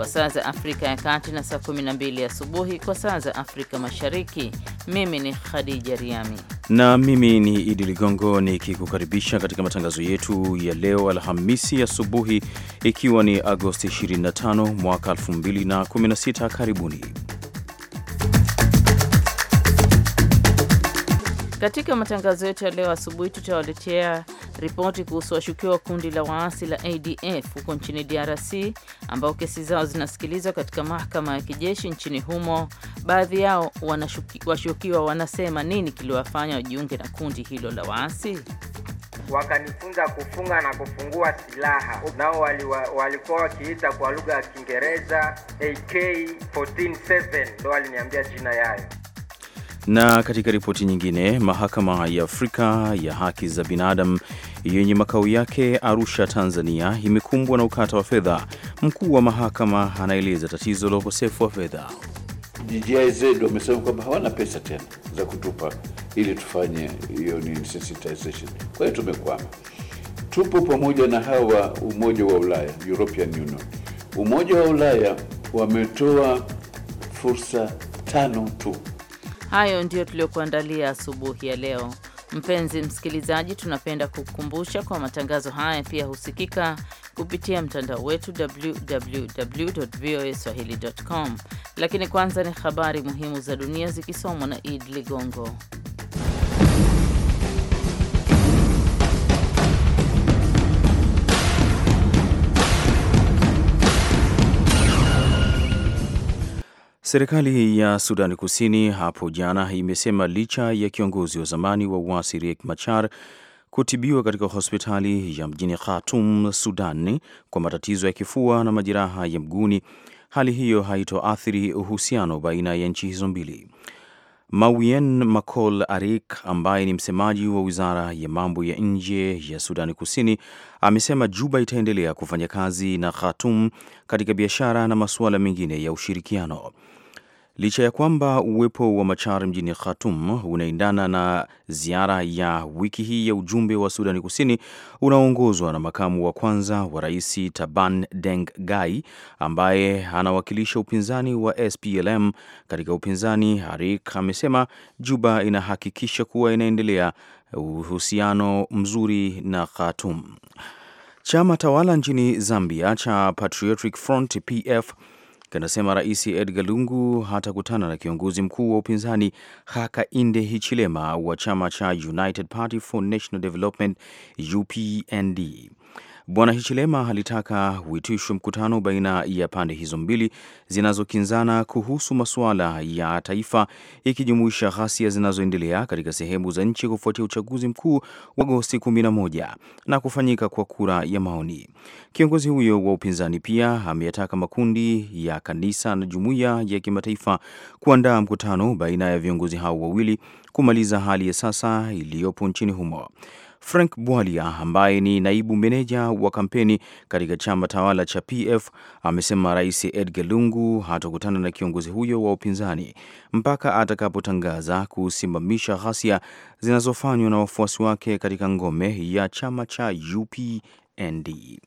kwa saa za Afrika ya Kati na saa 12 asubuhi kwa saa za Afrika Mashariki. Mimi ni Khadija Riami na mimi ni Idi Ligongo nikikukaribisha katika matangazo yetu ya leo Alhamisi asubuhi, ikiwa ni Agosti 25 mwaka 2016. Karibuni. Katika matangazo yetu ya leo asubuhi, tutawaletea ripoti kuhusu washukiwa wa kundi la waasi la ADF huko nchini DRC ambao kesi zao zinasikilizwa katika mahakama ya kijeshi nchini humo. Baadhi yao washukiwa wanasema nini kiliwafanya wajiunge na kundi hilo la waasi. Wakanifunza kufunga na kufungua silaha, nao walikuwa wali wakiita kwa lugha ya Kiingereza ak 47 ndo waliniambia jina yayo. Na katika ripoti nyingine, mahakama ya Afrika ya haki za binadamu yenye makao yake Arusha, Tanzania, imekumbwa na ukata wa fedha. Mkuu wa mahakama anaeleza tatizo la ukosefu wa fedha. DJIZ wamesema kwamba hawana pesa tena za kutupa ili tufanye hiyo ni sensitization. Kwa hiyo tumekwama, tupo pamoja na hawa umoja wa Ulaya, European Union. Umoja wa Ulaya wametoa fursa tano tu Hayo ndiyo tuliyokuandalia asubuhi ya leo. Mpenzi msikilizaji, tunapenda kukukumbusha kwa matangazo haya pia husikika kupitia mtandao wetu www swahilicom Lakini kwanza ni habari muhimu za dunia zikisomwa na Id Ligongo. Serikali ya Sudani Kusini hapo jana imesema licha ya kiongozi wa zamani wa uasi Riek Machar kutibiwa katika hospitali ya mjini Khartoum, Sudan kwa matatizo ya kifua na majeraha ya mguuni, hali hiyo haitoathiri uhusiano baina ya nchi hizo mbili. Mawien Macol Arik ambaye ni msemaji wa wizara ya mambo ya nje ya Sudani Kusini amesema Juba itaendelea kufanya kazi na Khartoum katika biashara na masuala mengine ya ushirikiano. Licha ya kwamba uwepo wa Machar mjini Khartoum unaendana na ziara ya wiki hii ya ujumbe wa Sudani Kusini unaoongozwa na makamu wa kwanza wa rais Taban Deng Gai ambaye anawakilisha upinzani wa SPLM katika upinzani, Harik amesema Juba inahakikisha kuwa inaendelea uhusiano mzuri na Khartoum. Chama tawala nchini Zambia cha Patriotic Front PF kinasema Rais Edgar Lungu hatakutana na kiongozi mkuu wa upinzani Hakainde Hichilema wa chama cha United Party for National Development UPND. Bwana Hichilema alitaka huitishwe mkutano baina ya pande hizo mbili zinazokinzana kuhusu masuala ya taifa, ikijumuisha ghasia zinazoendelea katika sehemu za nchi kufuatia uchaguzi mkuu wa Agosti 11 na kufanyika kwa kura ya maoni. Kiongozi huyo wa upinzani pia ameyataka makundi ya kanisa na jumuiya ya kimataifa kuandaa mkutano baina ya viongozi hao wawili kumaliza hali ya sasa iliyopo nchini humo. Frank Bwalia ambaye ni naibu meneja wa kampeni katika chama tawala cha PF amesema Rais Edgar Lungu hatokutana na kiongozi huyo wa upinzani mpaka atakapotangaza kusimamisha ghasia zinazofanywa na wafuasi wake katika ngome ya chama cha UPND.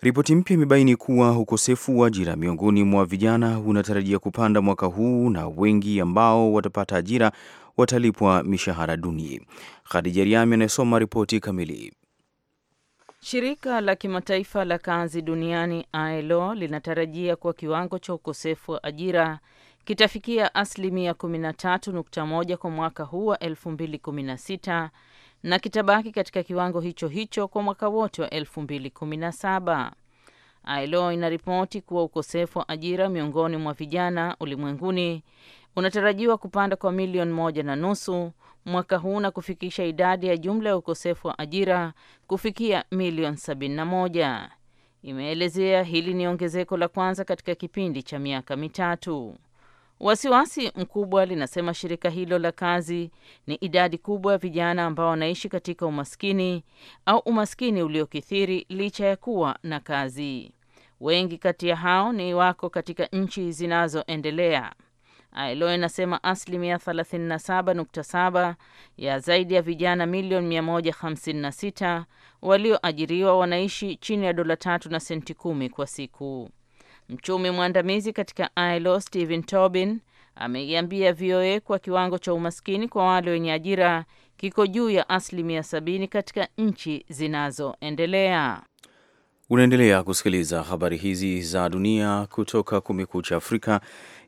Ripoti mpya imebaini kuwa ukosefu wa ajira miongoni mwa vijana unatarajia kupanda mwaka huu na wengi ambao watapata ajira watalipwa mishahara duni. Khadija Riami anayesoma ripoti kamili. Shirika la kimataifa la kazi duniani ILO linatarajia kuwa kiwango cha ukosefu wa ajira kitafikia asilimia 13.1 kwa mwaka huu wa 2016 na kitabaki katika kiwango hicho hicho kwa mwaka wote wa 2017. ILO inaripoti kuwa ukosefu wa ajira miongoni mwa vijana ulimwenguni unatarajiwa kupanda kwa milioni moja na nusu mwaka huu na kufikisha idadi ya jumla ya ukosefu wa ajira kufikia milioni moja. Imeelezea hili ni ongezeko la kwanza katika kipindi cha miaka mitatu. Wasiwasi mkubwa linasema shirika hilo la kazi ni idadi kubwa ya vijana ambao wanaishi katika umaskini au umaskini uliokithiri licha ya kuwa na kazi. Wengi kati ya hao ni wako katika nchi zinazoendelea. ILO inasema asilimia 37.7 ya zaidi ya vijana milioni 156 walioajiriwa wanaishi chini ya dola tatu na senti kumi kwa siku. Mchumi mwandamizi katika ILO Stephen Tobin ameiambia VOA kwa kiwango cha umaskini kwa wale wenye ajira kiko juu ya asilimia sabini katika nchi zinazoendelea. Unaendelea kusikiliza habari hizi za dunia kutoka Kumekucha Afrika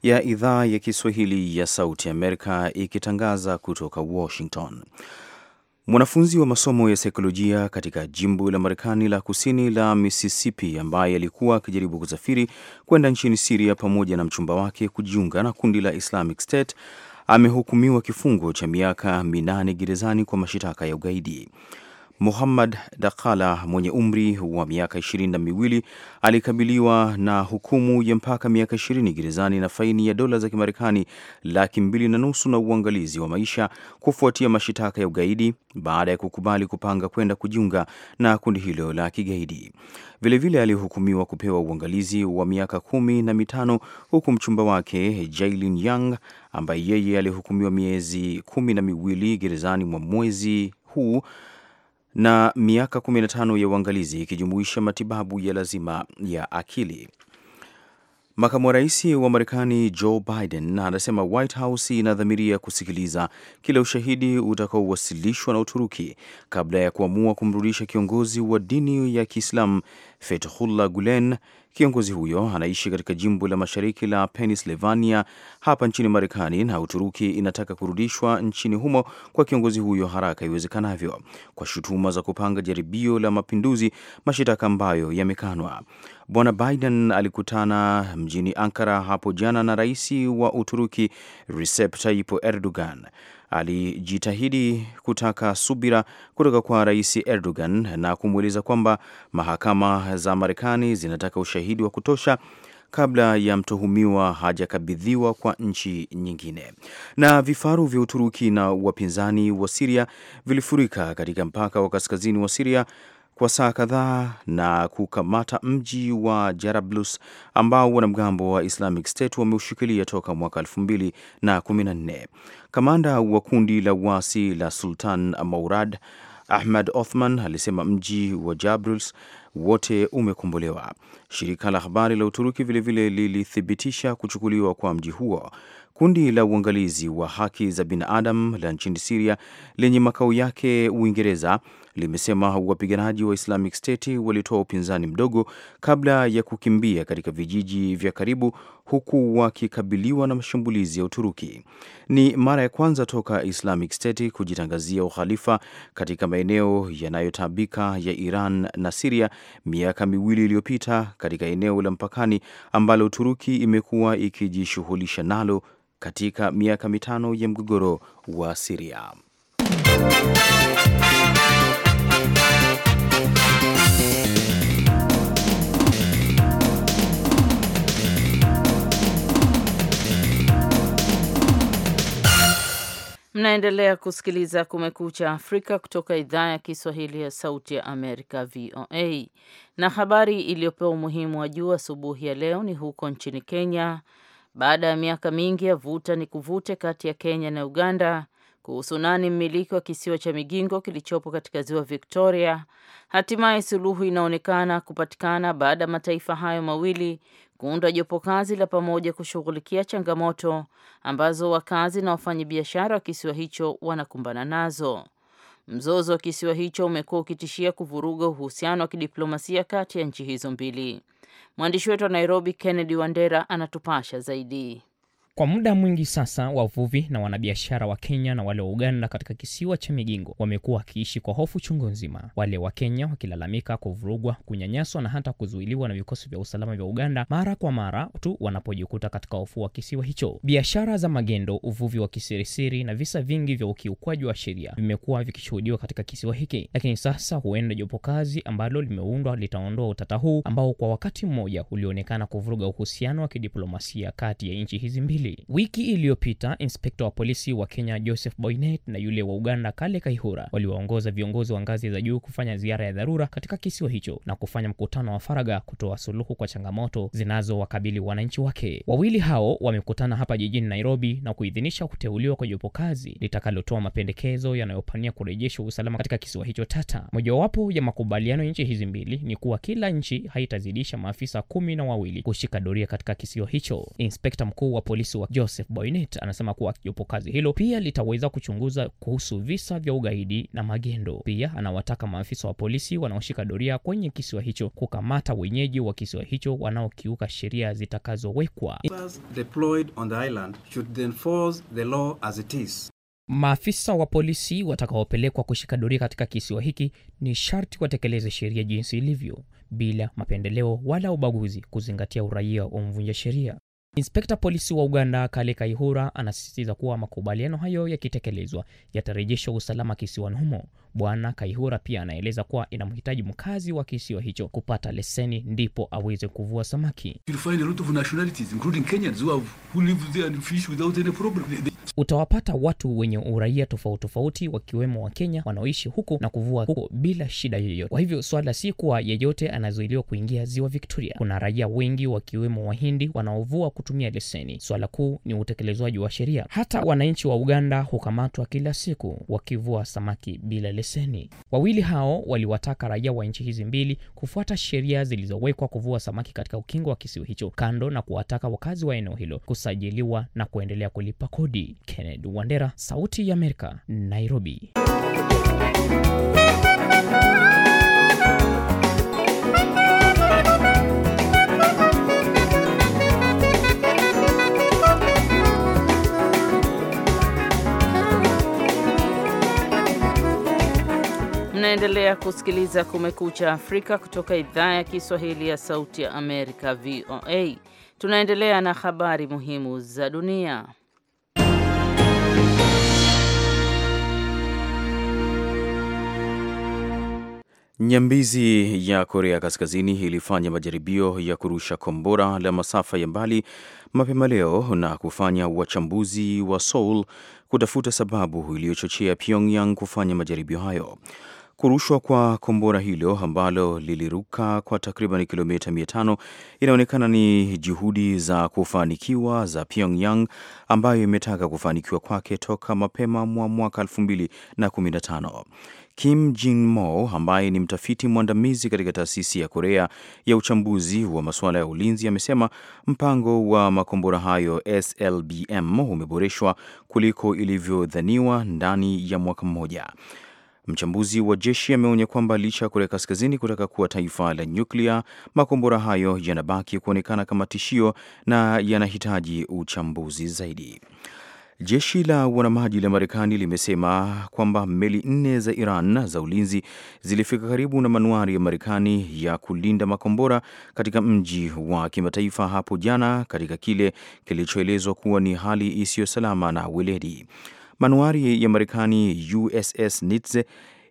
ya idhaa ya Kiswahili ya Sauti Amerika ikitangaza kutoka Washington. Mwanafunzi wa masomo ya saikolojia katika jimbo la Marekani la kusini la Mississippi ambaye alikuwa akijaribu kusafiri kwenda nchini Siria pamoja na mchumba wake kujiunga na kundi la Islamic State amehukumiwa kifungo cha miaka minane gerezani kwa mashitaka ya ugaidi. Muhammad Dakala mwenye umri wa miaka ishirini na miwili alikabiliwa na hukumu ya mpaka miaka ishirini gerezani na faini ya dola za Kimarekani laki mbili na nusu na uangalizi wa maisha kufuatia mashitaka ya ugaidi baada ya kukubali kupanga kwenda kujiunga na kundi hilo la kigaidi. Vilevile alihukumiwa kupewa uangalizi wa miaka kumi na mitano huku mchumba wake Jailin Yang ambaye yeye alihukumiwa miezi kumi na miwili gerezani mwa mwezi huu na miaka 15 ya uangalizi ikijumuisha matibabu ya lazima ya akili. Makamu wa rais wa Marekani Joe Biden anasema White House inadhamiria kusikiliza kila ushahidi utakaowasilishwa na Uturuki kabla ya kuamua kumrudisha kiongozi wa dini ya Kiislamu Fethullah Gulen Kiongozi huyo anaishi katika jimbo la mashariki la Pennsylvania hapa nchini Marekani, na Uturuki inataka kurudishwa nchini humo kwa kiongozi huyo haraka iwezekanavyo kwa shutuma za kupanga jaribio la mapinduzi, mashitaka ambayo yamekanwa. Bwana Biden alikutana mjini Ankara hapo jana na rais wa Uturuki Recep Tayyip Erdogan alijitahidi kutaka subira kutoka kwa Rais Erdogan na kumweleza kwamba mahakama za Marekani zinataka ushahidi wa kutosha kabla ya mtuhumiwa hajakabidhiwa kwa nchi nyingine. Na vifaru vya Uturuki na wapinzani wa Siria vilifurika katika mpaka wa kaskazini wa Siria kwa saa kadhaa na kukamata mji wa Jarablus ambao wanamgambo wa Islamic State wameushikilia toka mwaka nne. Kamanda wa kundi la uasi la Sultan Maurad Ahmad Othman alisema mji wa Jabrils wote umekombolewa. Shirika la habari la Uturuki vilevile lilithibitisha kuchukuliwa kwa mji huo. Kundi la uangalizi wa haki za binadamu la nchini Siria lenye makao yake Uingereza limesema wapiganaji wa Islamic State walitoa upinzani mdogo kabla ya kukimbia katika vijiji vya karibu huku wakikabiliwa na mashambulizi ya Uturuki. Ni mara ya kwanza toka Islamic State kujitangazia ukhalifa katika maeneo yanayotabika ya Iran na Siria miaka miwili iliyopita katika eneo la mpakani ambalo Uturuki imekuwa ikijishughulisha nalo katika miaka mitano ya mgogoro wa Siria. Mnaendelea kusikiliza Kumekucha Afrika kutoka idhaa ya Kiswahili ya Sauti ya Amerika, VOA. Na habari iliyopewa umuhimu wa juu asubuhi ya leo ni huko nchini Kenya, baada ya miaka mingi ya vuta ni kuvute kati ya Kenya na Uganda kuhusu nani mmiliki wa kisiwa cha Migingo kilichopo katika ziwa Victoria, hatimaye suluhu inaonekana kupatikana baada ya mataifa hayo mawili kuunda jopo kazi la pamoja kushughulikia changamoto ambazo wakazi na wafanyabiashara wa kisiwa hicho wanakumbana nazo. Mzozo wa kisiwa hicho umekuwa ukitishia kuvuruga uhusiano wa kidiplomasia kati ya nchi hizo mbili. Mwandishi wetu wa Nairobi, Kennedy Wandera, anatupasha zaidi. Kwa muda mwingi sasa, wavuvi na wanabiashara wa Kenya na wale wa Uganda katika kisiwa cha Migingo wamekuwa wakiishi kwa hofu chungu nzima, wale wa Kenya wakilalamika kuvurugwa, kunyanyaswa na hata kuzuiliwa na vikosi vya usalama vya Uganda mara kwa mara tu wanapojikuta katika hofu wa kisiwa hicho. Biashara za magendo, uvuvi wa kisirisiri na visa vingi vya ukiukwaji wa sheria vimekuwa vikishuhudiwa katika kisiwa hiki, lakini sasa huenda jopo kazi ambalo limeundwa litaondoa utata huu ambao kwa wakati mmoja ulionekana kuvuruga uhusiano wa kidiplomasia kati ya nchi hizi mbili mbili. wiki iliyopita inspekta wa polisi wa Kenya Joseph Boynet na yule wa Uganda Kale Kaihura waliwaongoza viongozi wa ngazi za juu kufanya ziara ya dharura katika kisiwa hicho na kufanya mkutano wa faraga kutoa suluhu kwa changamoto zinazowakabili wananchi wake. Wawili hao wamekutana hapa jijini Nairobi na kuidhinisha kuteuliwa kwa jopo kazi litakalotoa mapendekezo yanayopania kurejesha usalama katika kisiwa hicho tata. Mojawapo ya makubaliano ya nchi hizi mbili ni kuwa kila nchi haitazidisha maafisa kumi na wawili kushika doria katika kisiwa hicho. Inspekta mkuu wa polisi wa Joseph Boynet anasema kuwa jopo kazi hilo pia litaweza kuchunguza kuhusu visa vya ugaidi na magendo. Pia anawataka maafisa wa polisi wanaoshika doria kwenye kisiwa hicho kukamata wenyeji wa kisiwa hicho wanaokiuka sheria zitakazowekwa. Maafisa wa polisi watakaopelekwa kushika doria katika kisiwa hiki ni sharti watekeleze sheria jinsi ilivyo, bila mapendeleo wala ubaguzi, kuzingatia uraia wa mvunja sheria. Inspekta polisi wa Uganda Kale Kaihura anasisitiza kuwa makubaliano hayo yakitekelezwa yatarejesha usalama kisiwani humo. Bwana Kaihura pia anaeleza kuwa inamhitaji mkazi wa kisiwa hicho kupata leseni ndipo aweze kuvua samaki. Utawapata watu wenye uraia tofauti tofauti wakiwemo wa kenya wanaoishi huko na kuvua huko bila shida yoyote. Kwa hivyo swala si kuwa yeyote anazuiliwa kuingia ziwa Victoria. Kuna raia wengi wakiwemo Wahindi wanaovua kutumia leseni. Swala kuu ni utekelezwaji wa sheria. Hata wananchi wa Uganda hukamatwa kila siku wakivua samaki bila leseni leseni. Wawili hao waliwataka raia wa nchi hizi mbili kufuata sheria zilizowekwa kuvua samaki katika ukingo wa kisiwa hicho, kando na kuwataka wakazi wa eneo hilo kusajiliwa na kuendelea kulipa kodi. Kennedy Wandera, Sauti ya Amerika, Nairobi. Mnaendelea kusikiliza Kumekucha Afrika kutoka idhaa ya Kiswahili ya Sauti ya Amerika, VOA. Tunaendelea na habari muhimu za dunia. Nyambizi ya Korea Kaskazini ilifanya majaribio ya kurusha kombora la masafa ya mbali mapema leo na kufanya wachambuzi wa Seoul kutafuta sababu iliyochochea Pyongyang kufanya majaribio hayo. Kurushwa kwa kombora hilo ambalo liliruka kwa takriban kilomita 500 inaonekana ni juhudi za kufanikiwa za Pyongyang ambayo imetaka kufanikiwa kwake toka mapema mwa mwaka 2015. Kim Jin Mo ambaye ni mtafiti mwandamizi katika taasisi ya Korea ya uchambuzi wa masuala ya ulinzi amesema mpango wa makombora hayo SLBM umeboreshwa kuliko ilivyodhaniwa ndani ya mwaka mmoja. Mchambuzi wa jeshi ameonya kwamba licha ya Korea Kaskazini kutaka kuwa taifa la nyuklia, makombora hayo yanabaki kuonekana kama tishio na yanahitaji uchambuzi zaidi. Jeshi la wanamaji la Marekani limesema kwamba meli nne za Iran za ulinzi zilifika karibu na manuari ya Marekani ya kulinda makombora katika mji wa kimataifa hapo jana katika kile kilichoelezwa kuwa ni hali isiyo salama na weledi. Manuari ya Marekani USS Nitze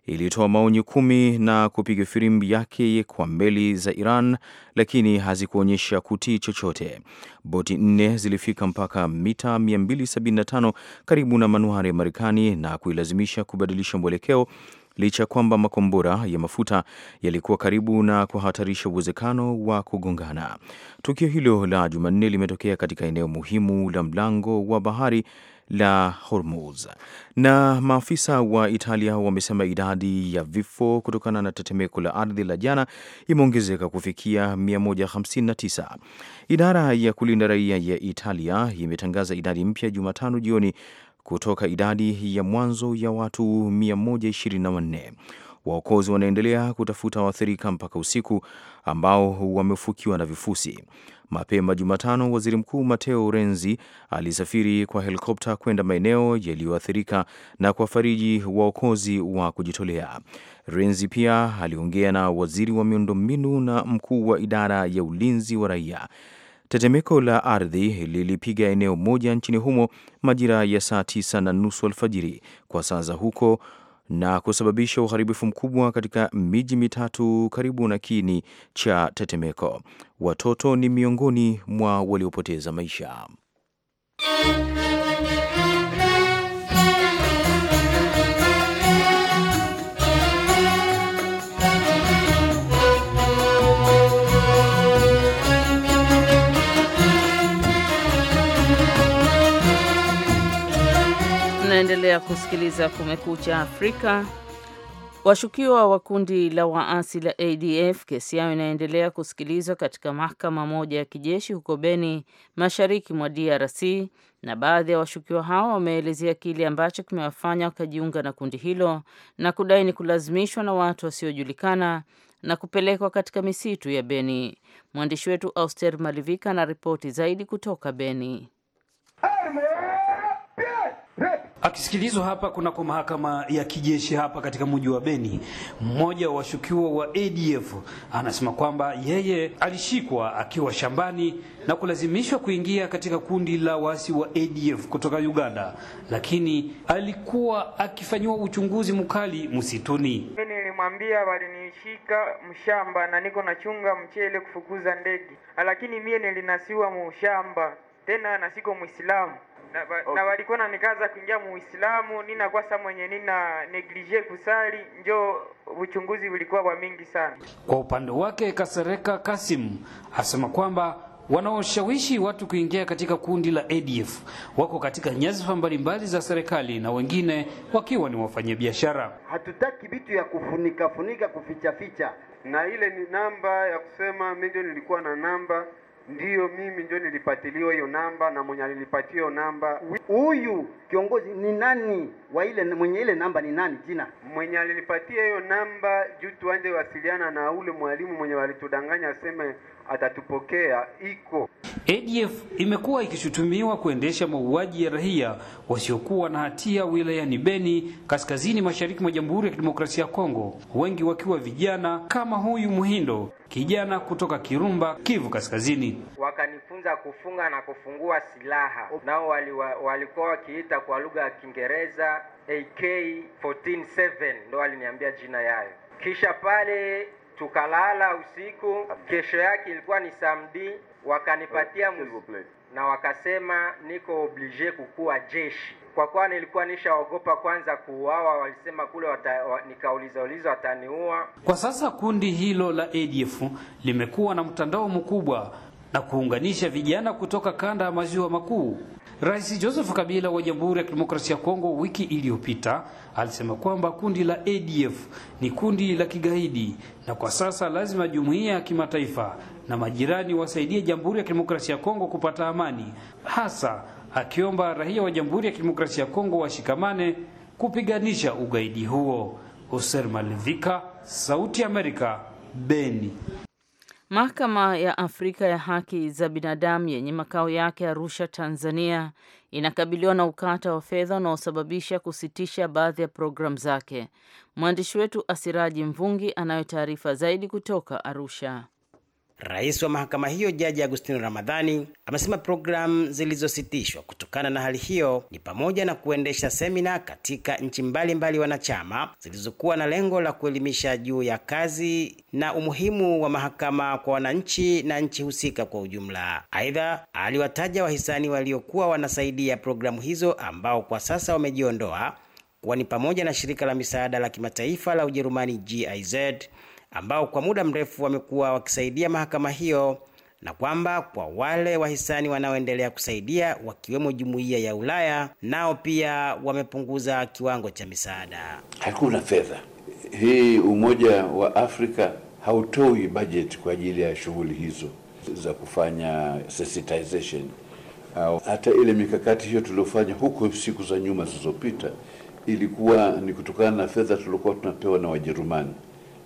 ilitoa maonyo kumi na kupiga firimbi yake kwa meli za Iran, lakini hazikuonyesha kutii chochote. Boti nne zilifika mpaka mita 275 karibu na manuari ya Marekani na kuilazimisha kubadilisha mwelekeo licha kwamba makombora ya mafuta yalikuwa karibu na kuhatarisha uwezekano wa kugongana. Tukio hilo la Jumanne limetokea katika eneo muhimu la mlango wa bahari la Hormuz. Na maafisa wa Italia wamesema idadi ya vifo kutokana na tetemeko la ardhi la jana imeongezeka kufikia 159. Idara ya kulinda raia ya Italia imetangaza idadi mpya Jumatano jioni kutoka idadi ya mwanzo ya watu 124. Waokozi wanaendelea kutafuta waathirika mpaka usiku ambao wamefukiwa na vifusi. Mapema Jumatano, waziri mkuu Mateo Renzi alisafiri kwa helikopta kwenda maeneo yaliyoathirika na kuwafariji waokozi wa kujitolea. Renzi pia aliongea na waziri wa miundombinu na mkuu wa idara ya ulinzi wa raia. Tetemeko la ardhi lilipiga eneo moja nchini humo majira ya saa tisa na nusu alfajiri kwa saa za huko, na kusababisha uharibifu mkubwa katika miji mitatu karibu na kini cha tetemeko. Watoto ni miongoni mwa waliopoteza maisha. Unaendelea kusikiliza Kumekucha Afrika. Washukiwa wa kundi la waasi la ADF kesi yao inaendelea kusikilizwa katika mahakama moja ya kijeshi huko Beni, mashariki mwa DRC, na baadhi ya washukiwa hao wameelezea kile ambacho kimewafanya wakajiunga na kundi hilo na kudai ni kulazimishwa na watu wasiojulikana na kupelekwa katika misitu ya Beni. Mwandishi wetu Auster Malivika ana ripoti zaidi kutoka Beni. Arme! Akisikilizwa hapa kunako mahakama ya kijeshi hapa katika mji wa Beni, mmoja wa washukiwa wa ADF anasema kwamba yeye alishikwa akiwa shambani na kulazimishwa kuingia katika kundi la waasi wa ADF kutoka Uganda, lakini alikuwa akifanyiwa uchunguzi mkali msituni. Nilimwambia walinishika mshamba na niko nachunga mchele kufukuza ndege, lakini mie nilinasiwa mushamba tena na siko Muislamu na, walikuwa okay. walikuwa nanikaza kuingia muislamu ninakuwa sa mwenye nina neglige kusali njo uchunguzi ulikuwa wa mingi sana. Kwa upande wake Kasereka Kasim asema kwamba wanaoshawishi watu kuingia katika kundi la ADF wako katika nyazifa mbalimbali za serikali na wengine wakiwa ni wafanyabiashara. Hatutaki vitu ya kufunika funika, kuficha ficha, na ile ni namba ya kusema mimi nilikuwa na namba ndiyo mimi ndio nilipatiliwa hiyo namba, na mwenye alinipatia hiyo namba huyu kiongozi ni nani wa ile mwenye ile namba ni nani? Jina mwenye alinipatia hiyo namba juu tuanze wasiliana na ule mwalimu mwenye walitudanganya aseme atatupokea iko. ADF imekuwa ikishutumiwa kuendesha mauaji ya raia wasiokuwa na hatia wilayani Beni, kaskazini mashariki mwa Jamhuri ya Kidemokrasia ya Kongo, wengi wakiwa vijana kama huyu Muhindo, kijana kutoka Kirumba, Kivu Kaskazini. Wakanifunza kufunga na kufungua silaha, nao walikuwa wali wakiita kwa lugha ya Kiingereza AK 147 ndo waliniambia jina yayo. Kisha pale tukalala usiku. Kesho yake ilikuwa ni samedi, wakanipatia na wakasema niko oblige kukuwa jeshi. Kwa kuwa nilikuwa nishaogopa kwanza kuuawa, walisema kule wata, wa, nikauliza uliza wataniua. Kwa sasa kundi hilo la ADF limekuwa na mtandao mkubwa na kuunganisha vijana kutoka kanda ya maziwa makuu. Rais Joseph Kabila wa Jamhuri ya Kidemokrasia ya Kongo wiki iliyopita Alisema kwamba kundi la ADF ni kundi la kigaidi na kwa sasa lazima jumuiya ya kimataifa na majirani wasaidie Jamhuri ya Kidemokrasia ya Kongo kupata amani, hasa akiomba raia wa Jamhuri ya Kidemokrasia ya Kongo washikamane kupiganisha ugaidi huo. Hoser Malivika, Sauti Amerika, Beni. Mahakama ya Afrika ya Haki za Binadamu yenye makao yake Arusha, Tanzania inakabiliwa na ukata wa fedha unaosababisha kusitisha baadhi ya programu zake. Mwandishi wetu Asiraji Mvungi anayo taarifa zaidi kutoka Arusha. Rais wa mahakama hiyo Jaji Agustino Ramadhani amesema programu zilizositishwa kutokana na hali hiyo ni pamoja na kuendesha semina katika nchi mbalimbali wanachama zilizokuwa na lengo la kuelimisha juu ya kazi na umuhimu wa mahakama kwa wananchi na nchi husika kwa ujumla. Aidha, aliwataja wahisani waliokuwa wanasaidia programu hizo ambao kwa sasa wamejiondoa kuwa ni pamoja na shirika la misaada la kimataifa la Ujerumani GIZ ambao kwa muda mrefu wamekuwa wakisaidia mahakama hiyo na kwamba kwa wale wahisani wanaoendelea kusaidia wakiwemo jumuiya ya Ulaya nao pia wamepunguza kiwango cha misaada. Hakuna fedha hii. Umoja wa Afrika hautoi bajeti kwa ajili ya shughuli hizo za kufanya sensitization hata ile mikakati hiyo tuliofanya huko siku za nyuma zilizopita, ilikuwa ni kutokana na fedha tuliokuwa tunapewa na Wajerumani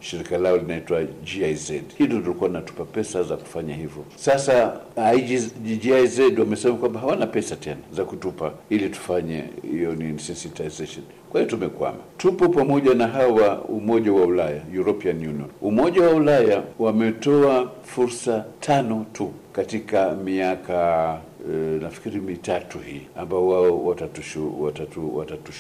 shirika lao linaitwa GIZ. Hii ndio tulikuwa natupa pesa za kufanya hivyo. Sasa ah, GIZ wamesema kwamba hawana pesa tena za kutupa ili tufanye hiyo ni sensitization. Kwa hiyo tumekwama. Tupo pamoja na hawa umoja wa Ulaya, European Union. Umoja wa Ulaya wametoa fursa tano tu katika miaka e, nafikiri mitatu hii ambao wao watatushughulikia watatu, watatu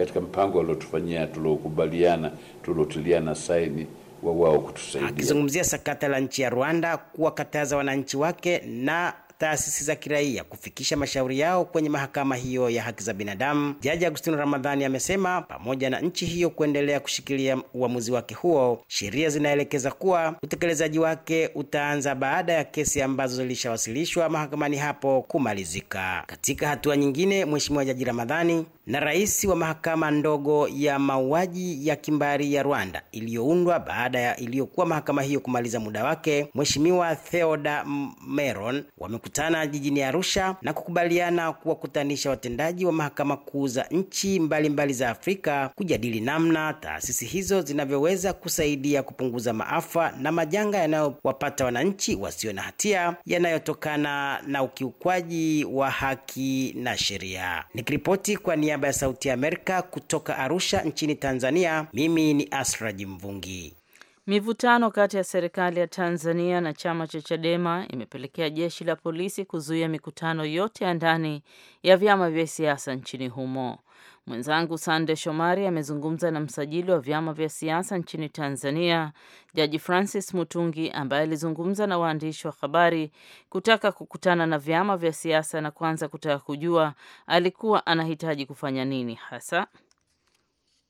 katika mpango waliotufanyia tuliokubaliana tuliotiliana saini wa wao kutusaidia. Akizungumzia sakata la nchi ya Rwanda kuwakataza wananchi wake na taasisi za kiraia kufikisha mashauri yao kwenye mahakama hiyo ya haki za binadamu, Jaji Agustino Ramadhani amesema pamoja na nchi hiyo kuendelea kushikilia uamuzi wake huo, sheria zinaelekeza kuwa utekelezaji wake utaanza baada ya kesi ambazo zilishawasilishwa mahakamani hapo kumalizika. Katika hatua nyingine, Mheshimiwa Jaji Ramadhani na rais wa mahakama ndogo ya mauaji ya kimbari ya Rwanda iliyoundwa baada ya iliyokuwa mahakama hiyo kumaliza muda wake, Mheshimiwa Theoda Meron wamekutana jijini Arusha na kukubaliana kuwakutanisha watendaji wa mahakama kuu za nchi mbalimbali mbali za Afrika kujadili namna taasisi hizo zinavyoweza kusaidia kupunguza maafa na majanga yanayowapata wananchi wasio na hatia yanayotokana na ukiukwaji wa haki na sheria. Nikiripoti kwa niaba niaba ya Sauti ya Amerika kutoka Arusha nchini Tanzania, mimi ni Asraji Mvungi. Mivutano kati ya serikali ya Tanzania na chama cha Chadema imepelekea jeshi la polisi kuzuia mikutano yote ya ndani ya vyama vya siasa nchini humo. Mwenzangu Sande Shomari amezungumza na msajili wa vyama vya siasa nchini Tanzania, Jaji Francis Mutungi, ambaye alizungumza na waandishi wa habari kutaka kukutana na vyama vya siasa na kwanza kutaka kujua alikuwa anahitaji kufanya nini hasa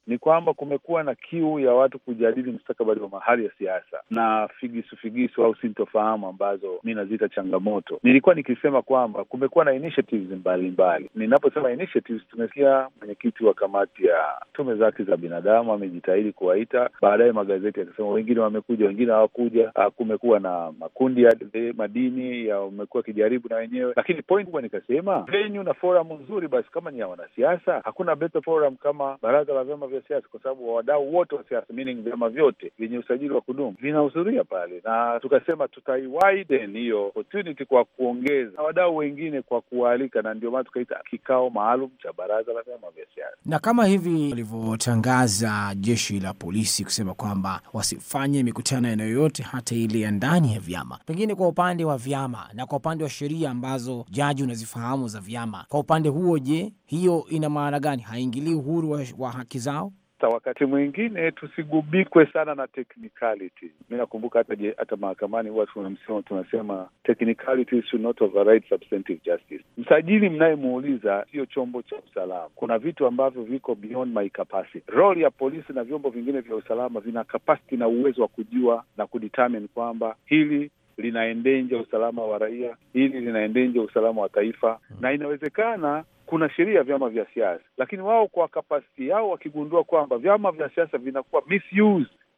ni kwamba kumekuwa na kiu ya watu kujadili mstakabali wa mahali ya siasa na figisufigisu au sintofahamu ambazo mi naziita changamoto. Nilikuwa nikisema kwamba kumekuwa na initiatives mbalimbali. Ninaposema initiatives, tumesikia mwenyekiti wa kamati ya tume za haki za binadamu amejitahidi kuwaita, baadaye magazeti yakasema wengine wamekuja, wengine hawakuja. Ah, kumekuwa na makundi ya madini yamekuwa akijaribu na wenyewe, lakini point kubwa nikasema venue na forum nzuri basi, kama ni ya wanasiasa, hakuna better forum kama baraza la vyama vya siasa, kwa sababu wadau wote wa siasa, meaning vyama vyote vyenye usajili wa kudumu vinahudhuria pale, na tukasema tutaiwiden hiyo opportunity kwa kuongeza na wadau wengine kwa kuwaalika, na ndio maana tukaita kikao maalum cha baraza la vyama vya siasa. Na kama hivi walivyotangaza jeshi la polisi kusema kwamba wasifanye mikutano aina yoyote, hata ile ya ndani ya vyama, pengine kwa upande wa vyama na kwa upande wa sheria ambazo jaji unazifahamu za vyama, kwa upande huo, je, hiyo ina maana gani? Haingilii uhuru wa, wa haki zao? Wakati mwingine tusigubikwe sana na technicality. Mi nakumbuka hata, hata mahakamani huwa tunamsema tunasema technicality should not override substantive justice. Msajili mnayemuuliza siyo chombo cha usalama. Kuna vitu ambavyo viko beyond my capacity. Role ya polisi na vyombo vingine vya usalama vina capacity na uwezo wa kujua na kudetermine kwamba hili linaendenja usalama wa raia, hili linaendenja usalama wa taifa, na inawezekana kuna sheria ya vyama vya siasa, lakini wao kwa kapasiti yao wakigundua kwamba vyama vya siasa vinakuwa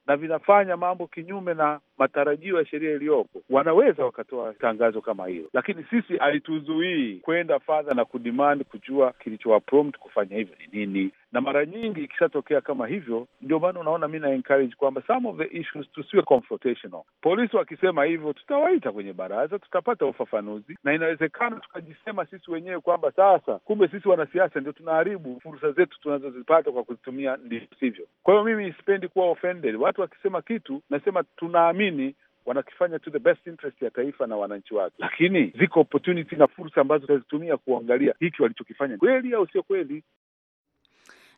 na vinafanya mambo kinyume na matarajio ya sheria iliyopo, wanaweza wakatoa tangazo kama hilo, lakini sisi alituzuii kwenda fadha na kudimand kujua kilichowaprompt kufanya hivyo ni nini. Na mara nyingi ikishatokea kama hivyo, ndio maana unaona mi na encourage kwamba some of the issues tusiwe confrontational. Polisi wakisema hivyo, tutawaita kwenye baraza, tutapata ufafanuzi, na inawezekana tukajisema sisi wenyewe kwamba sasa, kumbe sisi wanasiasa ndio tunaharibu fursa zetu tunazozipata kwa kuzitumia ndivyo sivyo. Kwa hiyo mimi sipendi kuwa offended, watu wakisema kitu nasema tunaamini nini wanakifanya to the best interest ya taifa na wananchi wake, lakini ziko opportunity na fursa ambazo utazitumia kuangalia hiki walichokifanya kweli au sio kweli.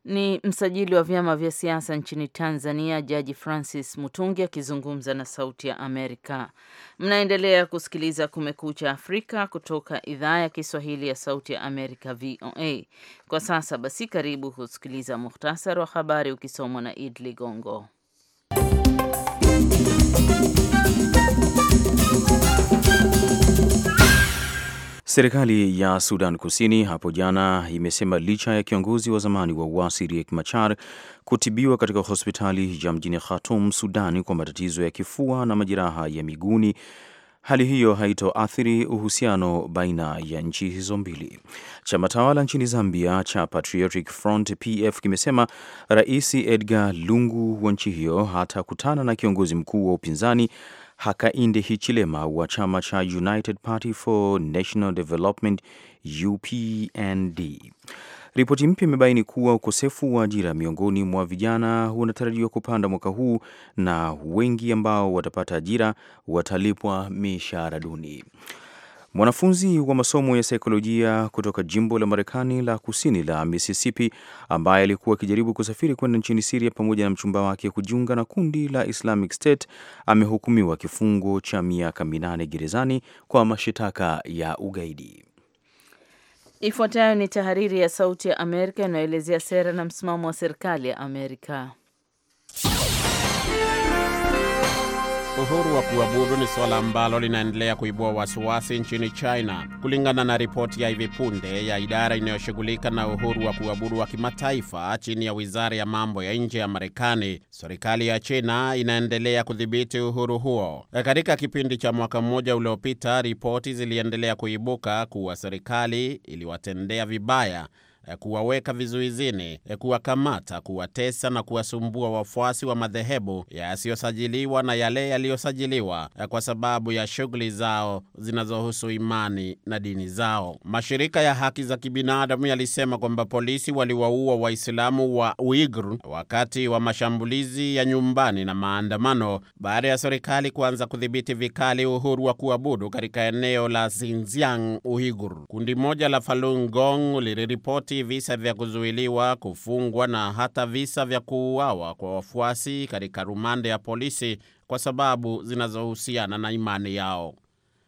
Ni msajili wa vyama vya siasa nchini Tanzania, Jaji Francis Mutungi akizungumza na Sauti ya Amerika. Mnaendelea kusikiliza Kumekucha Afrika kutoka idhaa ya Kiswahili ya Sauti ya Amerika, VOA. Kwa sasa basi, karibu kusikiliza muhtasari wa habari ukisomwa na Id Ligongo. Serikali ya Sudan Kusini hapo jana imesema licha ya kiongozi wa zamani wa uasi Riek Machar kutibiwa katika hospitali ya mjini Khartoum, Sudan kwa matatizo ya kifua na majeraha ya miguuni hali hiyo haitoathiri uhusiano baina ya nchi hizo mbili. Chama tawala nchini Zambia cha Patriotic Front PF kimesema Rais Edgar Lungu wa nchi hiyo hatakutana na kiongozi mkuu wa upinzani Hakainde Hichilema wa chama cha United Party for National Development UPND. Ripoti mpya imebaini kuwa ukosefu wa ajira miongoni mwa vijana unatarajiwa kupanda mwaka huu na wengi ambao watapata ajira watalipwa mishahara duni. Mwanafunzi wa masomo ya saikolojia kutoka jimbo la Marekani la kusini la Mississippi ambaye alikuwa akijaribu kusafiri kwenda nchini Siria pamoja na mchumba wake kujiunga na kundi la Islamic State amehukumiwa kifungo cha miaka minane gerezani kwa mashitaka ya ugaidi. Ifuatayo ni tahariri ya Sauti ya Amerika inayoelezea sera na msimamo wa serikali ya Amerika. Uhuru wa kuabudu ni suala ambalo linaendelea kuibua wasiwasi nchini China, kulingana na ripoti ya hivi punde ya idara inayoshughulika na uhuru wa kuabudu wa kimataifa chini ya wizara ya mambo ya nje ya Marekani. Serikali ya China inaendelea kudhibiti uhuru huo. Katika kipindi cha mwaka mmoja uliopita, ripoti ziliendelea kuibuka kuwa serikali iliwatendea vibaya Eh, kuwaweka vizuizini, eh, kuwakamata, kuwatesa na kuwasumbua wafuasi wa madhehebu yasiyosajiliwa na yale yaliyosajiliwa eh, kwa sababu ya shughuli zao zinazohusu imani na dini zao. Mashirika ya haki za kibinadamu yalisema kwamba polisi waliwaua Waislamu wa uigr wakati wa mashambulizi ya nyumbani na maandamano baada ya serikali kuanza kudhibiti vikali uhuru wa kuabudu katika eneo la Xinjiang uigr Kundi moja la Falun Gong liliripoti kuripoti visa vya kuzuiliwa, kufungwa na hata visa vya kuuawa kwa wafuasi katika rumande ya polisi kwa sababu zinazohusiana na imani yao.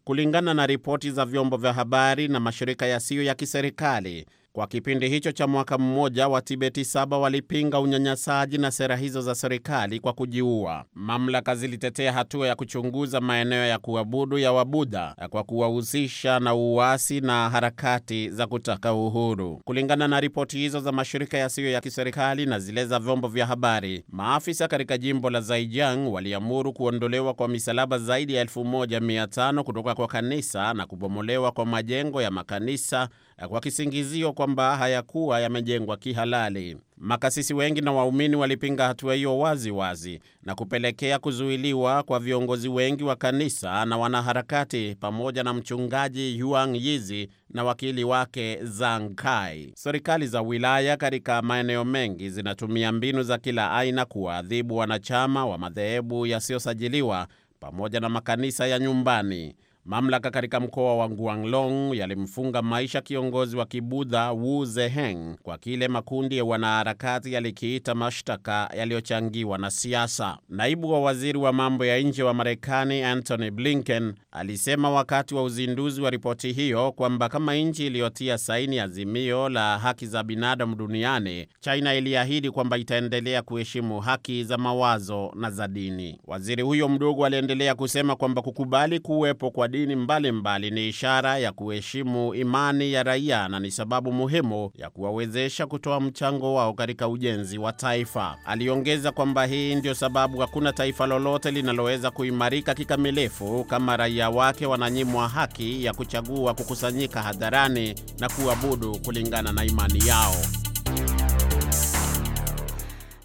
Kulingana na ripoti za vyombo vya habari na mashirika yasiyo ya kiserikali, kwa kipindi hicho cha mwaka mmoja, Watibeti saba walipinga unyanyasaji na sera hizo za serikali kwa kujiua. Mamlaka zilitetea hatua ya kuchunguza maeneo ya kuabudu ya Wabudha kwa kuwahusisha na uasi na harakati za kutaka uhuru. Kulingana na ripoti hizo za mashirika yasiyo ya, kiserikali na zile za vyombo vya habari, maafisa katika jimbo la Zaijiang waliamuru kuondolewa kwa misalaba zaidi ya 1500 kutoka kwa kanisa na kubomolewa kwa majengo ya makanisa kwa kisingizio kwamba hayakuwa yamejengwa kihalali. Makasisi wengi na waumini walipinga hatua hiyo wazi wazi na kupelekea kuzuiliwa kwa viongozi wengi wa kanisa na wanaharakati pamoja na mchungaji yuang Yizi na wakili wake Zhang Kai. Serikali za wilaya katika maeneo mengi zinatumia mbinu za kila aina kuwaadhibu wanachama wa madhehebu yasiyosajiliwa pamoja na makanisa ya nyumbani. Mamlaka katika mkoa wa Guanglong yalimfunga maisha kiongozi wa kibudha Wu Zeheng kwa kile makundi ya wanaharakati yalikiita mashtaka yaliyochangiwa na siasa. Naibu wa waziri wa mambo ya nje wa Marekani Antony Blinken alisema wakati wa uzinduzi wa ripoti hiyo kwamba kama nchi iliyotia saini azimio la haki za binadamu duniani, China iliahidi kwamba itaendelea kuheshimu haki za mawazo na za dini. Waziri huyo mdogo aliendelea kusema kwamba kukubali kuwepo kwa dini mbalimbali mbali ni ishara ya kuheshimu imani ya raia na ni sababu muhimu ya kuwawezesha kutoa mchango wao katika ujenzi wa taifa. Aliongeza kwamba hii ndio sababu hakuna taifa lolote linaloweza kuimarika kikamilifu kama raia wake wananyimwa haki ya kuchagua kukusanyika hadharani na kuabudu kulingana na imani yao.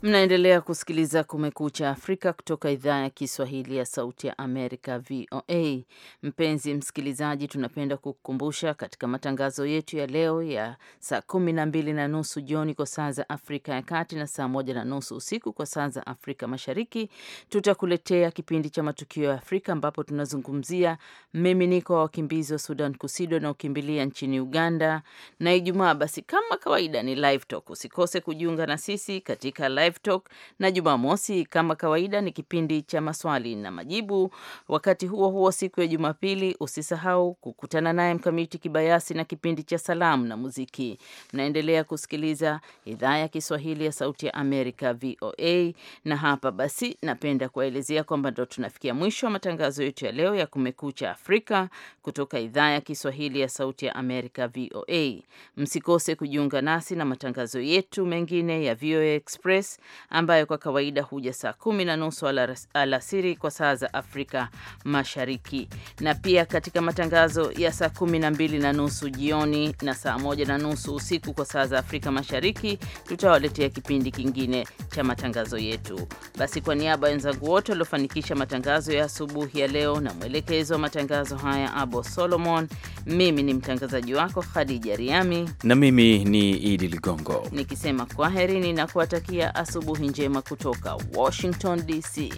Mnaendelea kusikiliza Kumekucha Afrika kutoka idhaa ya Kiswahili ya Sauti ya Amerika, VOA. Mpenzi msikilizaji, tunapenda kukukumbusha katika matangazo yetu ya leo ya saa kumi na mbili na nusu jioni kwa saa za Afrika ya Kati na saa moja na nusu usiku kwa saa za Afrika Mashariki, tutakuletea kipindi cha Matukio ya Afrika ambapo tunazungumzia mmiminiko wa wakimbizi wa Sudan Kusini wanaokimbilia nchini Uganda, na Ijumaa basi kama kawaida ni live talk. Usikose kujiunga na sisi katika live Live Talk na Jumamosi kama kawaida ni kipindi cha maswali na majibu. Wakati huo huo, siku ya Jumapili usisahau kukutana naye Mkamiti Kibayasi na kipindi cha salamu na muziki. Mnaendelea kusikiliza idhaa ya Kiswahili ya Sauti ya Amerika, VOA, na hapa basi napenda kuwaelezea kwamba ndo tunafikia mwisho wa matangazo yetu ya leo ya Kumekucha Afrika kutoka idhaa ya Kiswahili ya Sauti ya Amerika, VOA. Msikose kujiunga nasi na matangazo yetu mengine ya VOA Express ambayo kwa kawaida huja saa kumi na nusu alasiri kwa saa za Afrika Mashariki, na pia katika matangazo ya saa kumi na mbili na nusu jioni na saa moja na nusu usiku kwa saa za Afrika Mashariki tutawaletea kipindi kingine cha matangazo yetu. Basi kwa niaba ya wenzangu wote waliofanikisha matangazo ya asubuhi ya leo na mwelekezo wa matangazo haya Abo Solomon, mimi ni mtangazaji wako Khadija Riami na mimi ni Idi Ligongo nikisema kwaherini na kuwatakia asubuhi njema kutoka Washington DC.